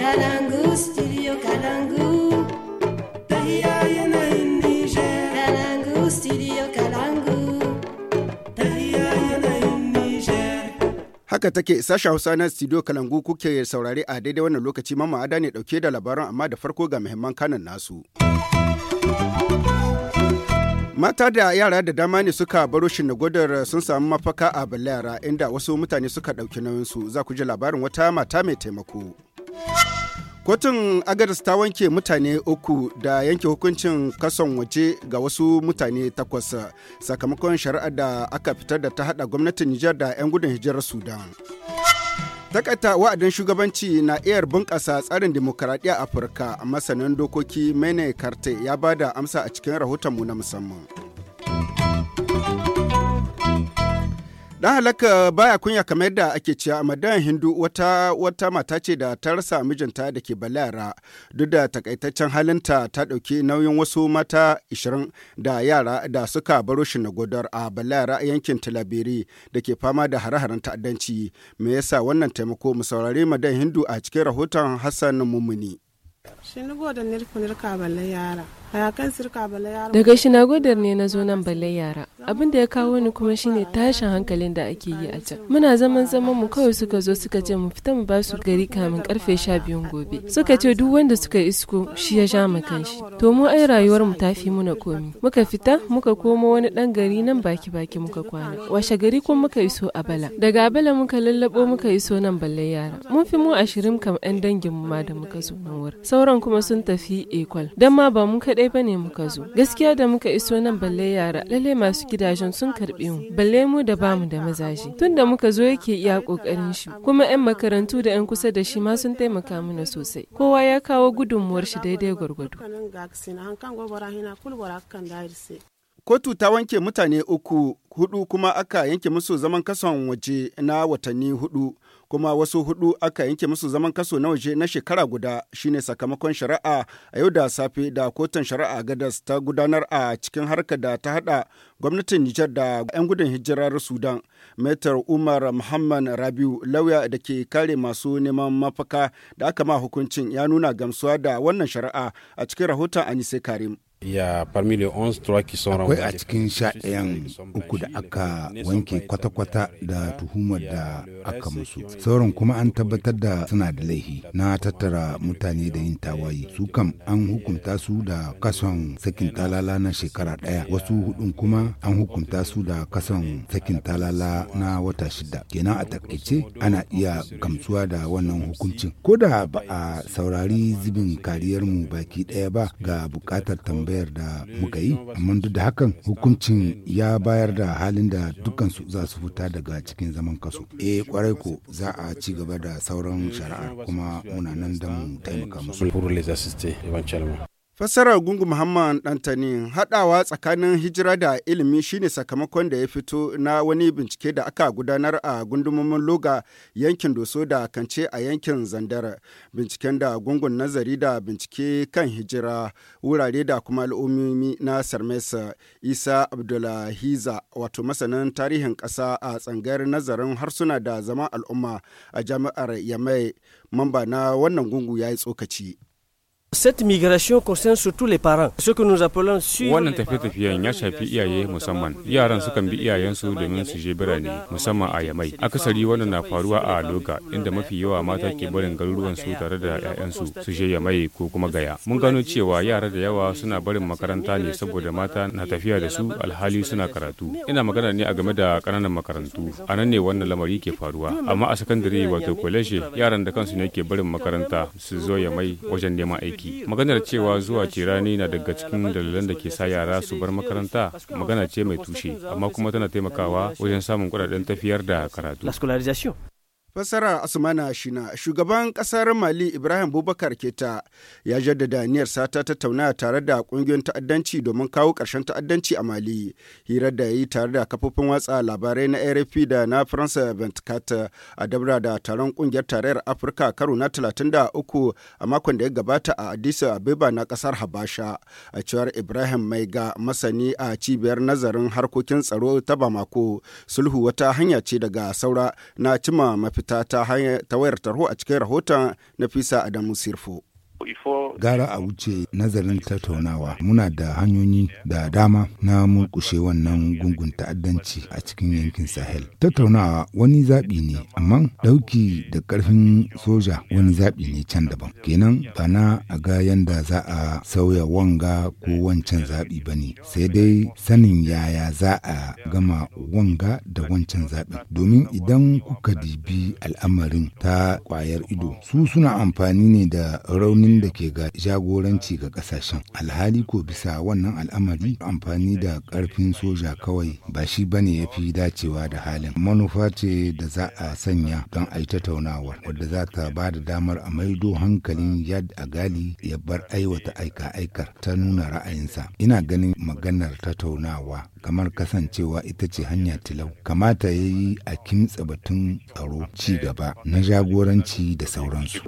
Kalangu, Haka take sasha Hausa na studio Kalangu kuke saurari a daidai wannan lokaci mamma ada ne dauke da labaran amma da farko ga muhimman kanan nasu. mata da yara da dama ne suka baro godar sun samu mafaka a balayara inda wasu mutane suka ɗauki nauyinsu za ku ji labarin wata mata mai taimako. Kotun Agadis ta wanke mutane uku da yanke hukuncin kason waje ga wasu mutane takwas sakamakon shari'ar da aka fitar da ta hada gwamnatin Nijar da 'yan gudun hijirar Sudan. Takaita wa'adin shugabanci na iyar bunƙasa tsarin a Afirka a masanin dokoki Mene Karte ya bada amsa a cikin rahotonmu na musamman. Dan halaka eh, baya kunya kamar yadda ake cewa Madan Hindu wata wata mata ce da ta rasa mijinta da ke Balara duk da takaitaccen halinta ta ɗauki nauyin wasu mata 20 da yara da suka baro shi na godar a Balara yankin Talabiri da ke fama da hare-haren ta'addanci. Me yasa wannan taimako mu saurari Madan Hindu a cikin rahoton Hassan Mumuni. Shi ni nirku nirka balle yara. Daga godar ne na zo nan balle yara. Abin da ya kawo ni kuma shine tashin hankalin da ake yi a can. Muna zaman zaman mu kawai suka zo suka ce mu fita mu basu gari kamin karfe sha biyun gobe. Suka ce duk wanda suka isko shi ya sha makan kanshi. To mu ai rayuwar mu tafi muna komi. Muka fita muka koma wani dan gari nan baki baki muka kwana. Washe gari ko muka iso a bala? Daga bala muka lallabo muka iso nan balle yara. Mun fi mu ashirin kam 'yan dangin mu ma da muka zo Sauran kuma sun tafi Ekol. Dan ma ba mu kaɗai kaɗai ba ne muka zo. Gaskiya da muka iso nan balle yara, lalle masu gidajen sun karɓe mu, balle mu da bamu da mazaje. Tun da muka zo yake iya ƙoƙarin shi, kuma 'yan makarantu da 'yan kusa da shi ma sun taimaka mana sosai. Kowa ya kawo gudunmuwar shi daidai gwargwado. Kotu ta wanke mutane uku, hudu kuma aka yanke musu zaman kason waje na watanni hudu. kuma wasu hudu aka yanke musu zaman kaso na waje na shekara guda shine sakamakon shari'a a yau da safe da kotun shari'a gadas ta gudanar a cikin harka da ta hada gwamnatin Nijar da 'yan gudun hijirar Sudan. Metar Umar Muhammad Rabiu lauya da ke kare masu neman mafaka da aka ma hukuncin ya nuna gamsuwa da wannan shari'a a cikin rahoton Anise Karim. Akwai a cikin sha uku da aka wanke kwata-kwata da tuhumar da aka musu. Sauran kuma an tabbatar da suna da laihi na tattara mutane da yin tawaye. Su kam an hukunta su da kason sakin talala na shekara ɗaya. Wasu hudun kuma an hukunta su da kason sakin talala na wata shida. Kenan a takaice ana iya gamsuwa da wannan hukuncin. Ko da ba a saurari zubin mu baki ɗaya ba ga buƙatar tambaya. tambayar da muka yi amma duk da hakan hukuncin ya bayar da halin da dukansu za su fita daga cikin zaman kaso eh kwarai ko za a ci gaba da sauran shari'ar kuma muna nan da taimaka musu Fassarar Gungu Muhammad Dantani haɗawa tsakanin hijira da ilimi shine sakamakon da ya fito na wani bincike da aka gudanar a gundumomin Loga yankin Doso da Kance a yankin Zandar. Binciken da gungun nazari da bincike kan hijira wurare da kuma al'ummomi na Sarmesa Isa Abdullahiza wato masanin tarihin kasa a tsangayar nazarin harsuna da zama al'umma a jami'ar Yamai mamba na wannan gungu ya yi tsokaci. Cette migration concerne surtout les parents, ce que nous appelons Wannan tafiye-tafiyen ya shafi iyaye musamman. Yaran sukan bi iyayensu domin su je birane, musamman a Yamai. Akasari wannan na faruwa a Loga, inda mafi yawa mata ke barin garuruwan su tare da 'ya'yansu su je Yamai ko kuma Gaya. Mun gano cewa yara da yawa suna barin makaranta ne saboda mata na tafiya da su alhali suna karatu. Ina magana ne a game da ƙananan makarantu. A nan ne wannan lamari ke faruwa. Amma a sakandare wato college, yaran da kansu ne ke barin makaranta su zo Yamai wajen neman aiki. aiki maganar cewa zuwa cirani na daga cikin dalilan da ke sa yara su bar makaranta magana ce mai tushe amma kuma tana taimakawa wajen samun kudaden tafiyar da karatu Fassara Asmana Shina, shugaban ƙasar Mali Ibrahim Bubakar Keta ya jaddada niyyarsa ta tattauna tare da kungiyoyin ta'addanci domin kawo ƙarshen ta'addanci a Mali. Hirar da yi tare da kafofin watsa labarai na RFP da na France 24 a dabra da taron ƙungiyar tarayyar Afirka karo na 33 a makon da ya gabata a Addis Ababa na kasar Habasha. A cewar Ibrahim mai ga masani a cibiyar nazarin harkokin tsaro ta Bamako, sulhu wata hanya ce daga saura na cima mafi ta ta wayar tarho a cikin rahoton na fisa Adamu Sirfo. Gara a wuce nazarin tattaunawa muna da hanyoyi da dama na murkushe wannan gungun ta'addanci a cikin yankin Sahel. Tattaunawa wani zaɓi ne, amma ɗauki da ƙarfin soja wani zaɓi ne can daban. Kenan ba na a ga yanda za a sauya wanga ko wancan zaɓi ba ne, sai dai sanin yaya za a gama wanga da wancan zaɓi? Domin idan kuka dibi al'amarin ta ƙwayar ido, su suna amfani ne da raunin nauyin ke ga jagoranci ga kasashen alhali ko bisa wannan al'amari amfani da karfin soja kawai ba shi bane ya fi dacewa da halin manufa ce da za a sanya don a yi tattaunawar wadda za ta ba da damar a maido hankalin yad a gali ya bar aiwata aika-aikar ta nuna ra'ayinsa ina ganin maganar tattaunawa kamar kasancewa ita ce hanya tilau kamata ya yi a kimtsa batun tsaro ci gaba na jagoranci da sauransu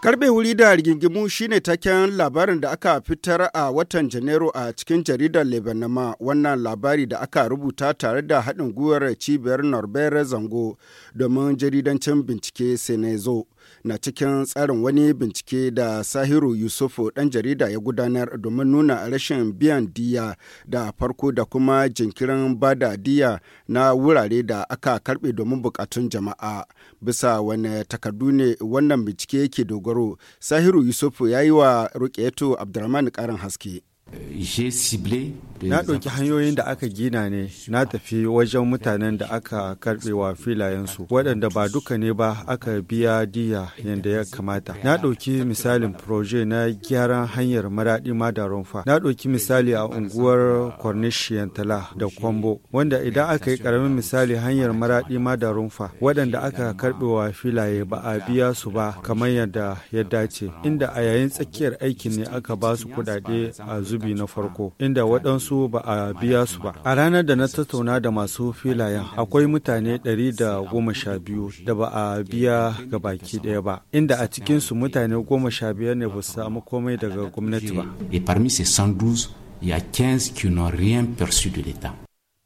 Karbe wuri da rigingimu shine taken labarin da aka fitar a watan Janairu a cikin jaridar Lebanama wannan labari da aka rubuta tare da haɗin gwiwar cibiyar Norbert Zango domin jaridancin bincike Senezo na cikin tsarin wani bincike da Sahiru Yusufu ɗan jarida ya gudanar domin nuna rashin biyan diya da farko da kuma jinkirin bada diya na wurare da aka karɓe domin bukatun jama'a. bisa wani takardu ne wannan bincike yake dogaro sahiru yusuf ya yi wa ruƙeto abdulrahman ƙarin haske Eh, na ɗauki hanyoyin da aka gina ne na tafi wajen mutanen da aka wa filayensu waɗanda ba duka ne ba aka biya diya yadda ya kamata na ɗauki misalin proje na gyaran hanyar maraɗi rumfa na ɗauki misali a unguwar cornish tala da kwambo wanda idan aka yi ƙaramin misali hanyar maraɗi rumfa waɗanda aka wa filaye ba a biya su ba kamar yadda ya dace inda a yayin tsakiyar aikin ne aka ba su kuɗaɗe a zubi zubi na farko inda waɗansu ba a biya su ba a ranar da na tattauna da masu filayen akwai mutane 112 da ba a biya ga baki ɗaya ba inda a cikinsu mutane 15 ne ba su samu komai daga gwamnati ba. Et parmi ces 112, il y a 15 qui n'ont rien perçu de l'État.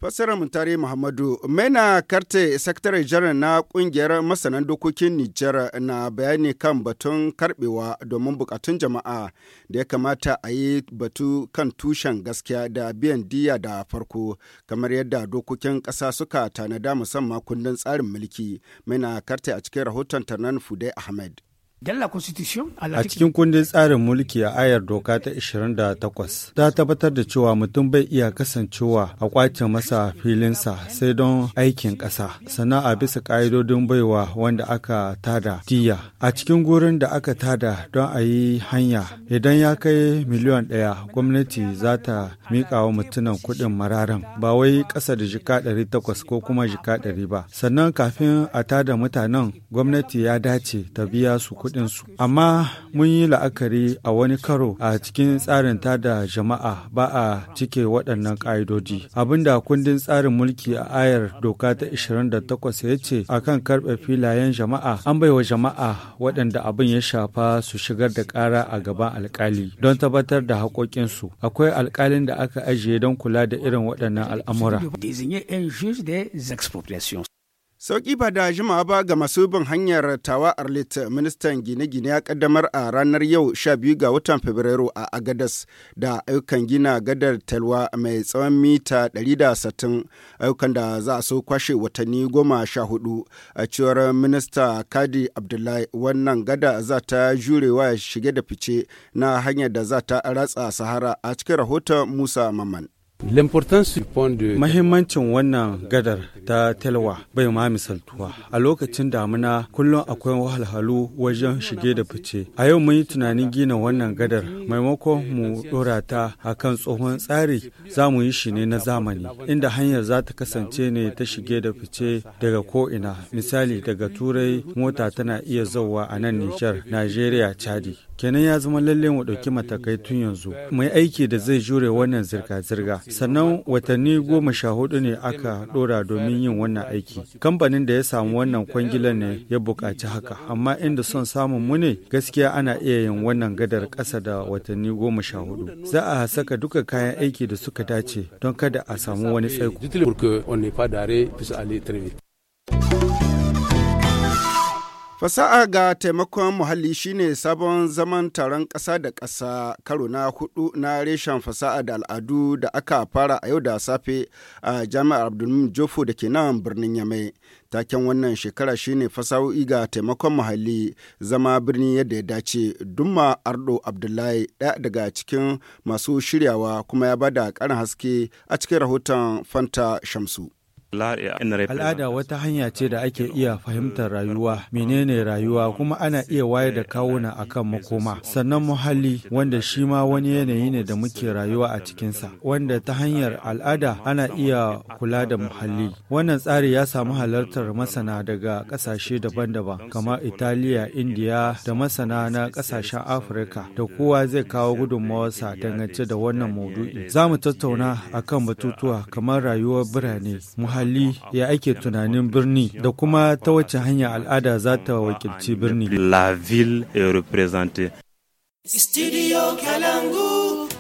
Fassarar Mutare Muhammadu na Karte sakatare janar na kungiyar masanan dokokin Nijar na bayani kan batun karbewa domin bukatun jama'a da ya kamata a yi batu kan tushen gaskiya da biyan diya da farko kamar yadda dokokin ƙasa suka tanada musamman kundin tsarin mulki. na Karte a cikin rahoton Tarnan Fude Ahmed. A cikin kundin tsarin mulki a ayar doka ta 28 ta tabbatar da cewa mutum bai iya kasancewa a kwace masa filinsa sai don aikin ƙasa sana'a bisa ƙa'idodin baiwa wanda aka tada diya. A cikin gurin da aka tada don a yi hanya idan ya kai miliyan ɗaya gwamnati za ta miƙa wa mutumin kuɗin mararan ba wai ƙasa da jika ɗari takwas ko kuma jika ɗari ba. Sannan kafin a tada mutanen gwamnati ya dace ta biya su kuɗi kuɗinsu Amma mun yi la'akari a wani karo a cikin tsarin tada jama'a ba a cike waɗannan ƙa'idodi. da kundin tsarin mulki a ayar doka ta 28 ya ce a kan karɓe filayen jama'a an baiwa jama'a waɗanda abin ya shafa su shigar da ƙara a gaban alkali don tabbatar da haƙoƙinsu. Akwai alkalin da aka ajiye don kula da irin waɗannan al'amura. sauki ba da jimawa ba ga masu bin hanyar tawa Arlit ministan gine-gine ya kaddamar a ranar yau 12 ga watan Fabrairu a Agadas da ayyukan gina gadar talwa mai tsawon mita 160 ayyukan da za su kwashe watanni goma sha hudu a cewar minista Kadi Abdullahi wannan gada za ta jurewa shige da fice na hanyar da za ta ratsa Sahara a cikin rahoton Musa mamman. Mahimmancin wannan gadar ta telwa bai ma misaltuwa. A lokacin damuna kullum akwai wahalhalu wajen shige da fice. A yau mun yi tunanin gina wannan gadar maimakon mu dora ta a kan tsohon tsari za mu yi shi ne na zamani inda hanyar za ta kasance ne ta shige da fice daga ko'ina misali daga turai mota tana iya zauwa a nan Nijar, Najeriya, Chadi. kenan ya zama lalle mu ɗauki matakai tun yanzu mai aiki da zai jure wannan zirga-zirga sannan watanni goma sha hudu ne aka ɗora domin yin wannan aiki kamfanin da ya samu wannan kwangilan ne ya buƙaci haka amma inda son samun mu ne gaskiya ana iya yin wannan gadar ƙasa da watanni goma sha hudu za a saka duka kayan aiki da suka dace don kada a samu wani tsaiko Fasa'a ga taimakon muhalli shine sabon zaman taron ƙasa da ƙasa karo na hudu na reshen fasa'a da al'adu da aka fara a yau da safe a jami'ar abdulmin Jofo da ke nan birnin Yamai. Taken wannan shekara shine fasaho'i ga taimakon muhalli zama birni yadda ya dace. Dumma Ardo Abdullahi ɗaya daga cikin masu shiryawa kuma ya bada ƙarin haske a cikin rahoton Fanta Shamsu. Al'ada wata hanya ce da ake iya fahimtar rayuwa, menene rayuwa kuma ana iya wayar da kawuna a kan makoma. Sannan muhalli wanda shi ma wani yanayi ne da muke rayuwa a cikinsa, wanda ta hanyar al'ada ana iya kula da muhalli. Wannan tsari ya samu halartar masana daga ƙasashe daban-daban kamar Italiya, Indiya da masana na ƙasashen Afirka da kowa zai kawo gudunmawarsa dangance da wannan maudu'i. Za mu tattauna akan batutuwa kamar rayuwar birane, muhalli muhalli ya ake tunanin birni da kuma ta wace hanya al'ada za ta wakilci birni. La ville est représentée. Studio Kalangu.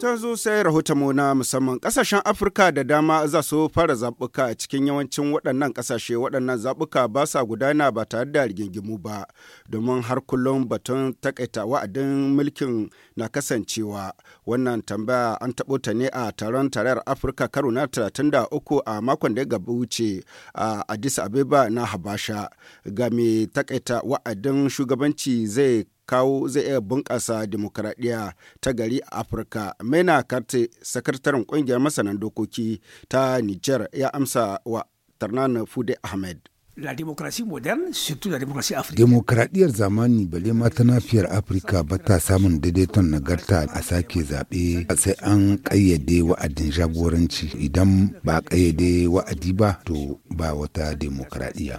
ta zo sai rahotonmu na musamman kasashen afirka da dama za su fara zaɓuka a cikin yawancin waɗannan kasashe waɗannan zabuka ba sa gudana ba tare da rigingimu ba domin har kullum batun takaita wa'adin mulkin na kasancewa wannan tambaya an taɓo ta ne a taron tarayyar afirka karo na 33 a makon da ya gaba wuce a addis abeba na habasha ga mai takaita wa'adin shugabanci zai kawo zai iya bunƙasa dimokuraɗiyya ta gari a Afirka. Maina Karte, sakataren ƙungiyar masanan dokoki ta Nijar ya amsa wa Tarnan Fude Ahmed. la démocratie moderne, surtout la démocratie africaine. Démocratie zamani bale mata ta nafiyar Afirka ba ta samun daidaiton nagarta a sake zaɓe sai an ƙayyade wa'adin jagoranci idan ba ƙayyade wa'adi ba to ba wata de démocratie.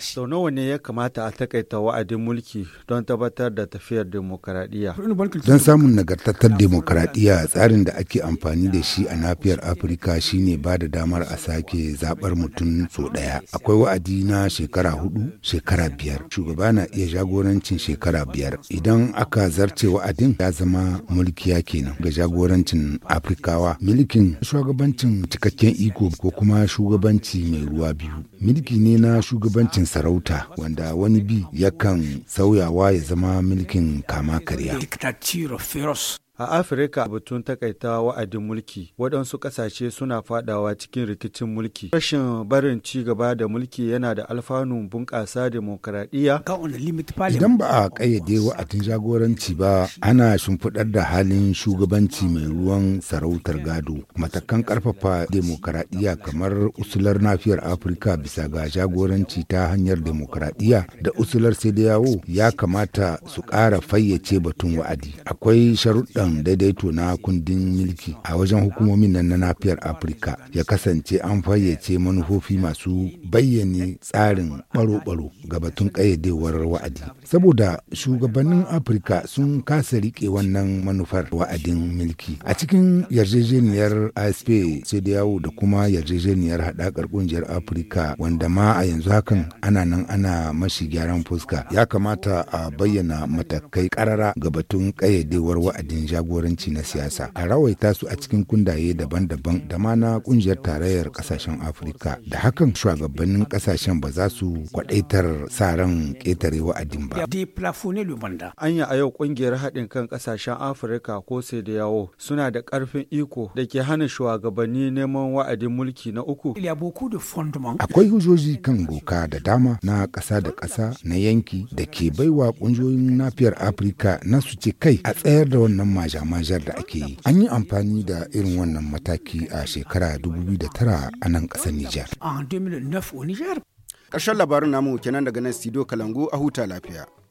Sau nawa ne ya kamata a takaita wa'adin mulki don tabbatar da tafiyar demokradiyya? Don samun nagartattar demokradiyya tsarin da ake amfani da shi a nafiyar Afirka shine ba da damar a sake zaɓar mutum so ɗaya. akwai wa'adi na shekara hudu shekara biyar shugaba na iya jagorancin shekara biyar idan aka zarce wa'adin ya zama mulkiya kenan ga jagorancin afirkawa milkin shugabancin cikakken iko ko kuma shugabanci mai ruwa biyu milki ne na shugabancin sarauta wanda wani bi yakan sauyawa ya zama milkin kama karya A Afirka batun takaita wa'adin mulki waɗansu ƙasashe suna fadawa cikin rikicin mulki. Rashin barin ci gaba da mulki yana da alfanu bunƙasa demokaradiyya. Idan ba a ƙayyade wa'adin jagoranci ba ana shimfiɗar da halin shugabanci mai ruwan sarautar gado. Matakan ƙarfafa demokaradiyya kamar usular nafiyar Afirka bisa ga jagoranci ta hanyar demokaradiyya da usular sai yawo ya kamata su ƙara fayyace batun wa'adi. Akwai sharuɗa ɗan daidaito na kundin mulki a wajen hukumomin nan na nafiyar afirka ya kasance an fayyace manufofi masu bayyane tsarin ɓaro-ɓaro ga batun ƙayyadewar wa'adi saboda shugabannin afirka sun kasa riƙe wannan manufar wa'adin mulki a cikin yarjejeniyar asp sai da yawo da kuma yarjejeniyar haɗakar ƙungiyar afirka wanda ma a yanzu hakan ana nan ana mashi gyaran fuska ya kamata a bayyana matakai ƙarara ga batun ƙayyadewar wa'adin jagoranci na siyasa a rawaita su a cikin kundaye daban-daban da ma na kungiyar tarayyar kasashen afirka da hakan shugabannin kasashen ba za su kwadaitar sa ran ketare wa'adin ba anya a yau kungiyar haɗin kan kasashen afirka ko sai da yawo suna da ƙarfin iko da ke hana shugabanni neman wa'adin mulki na uku akwai hujjoji kan doka da dama na ƙasa da ƙasa na yanki da ke baiwa kungiyoyin nafiyar afirka na su ce kai a tsayar da wannan jamajar da ake yi an yi amfani da irin wannan mataki a shekara 2009 a nan ƙasar nijar ƙarshen labarin namu kenan daga nan studio kalangu a huta lafiya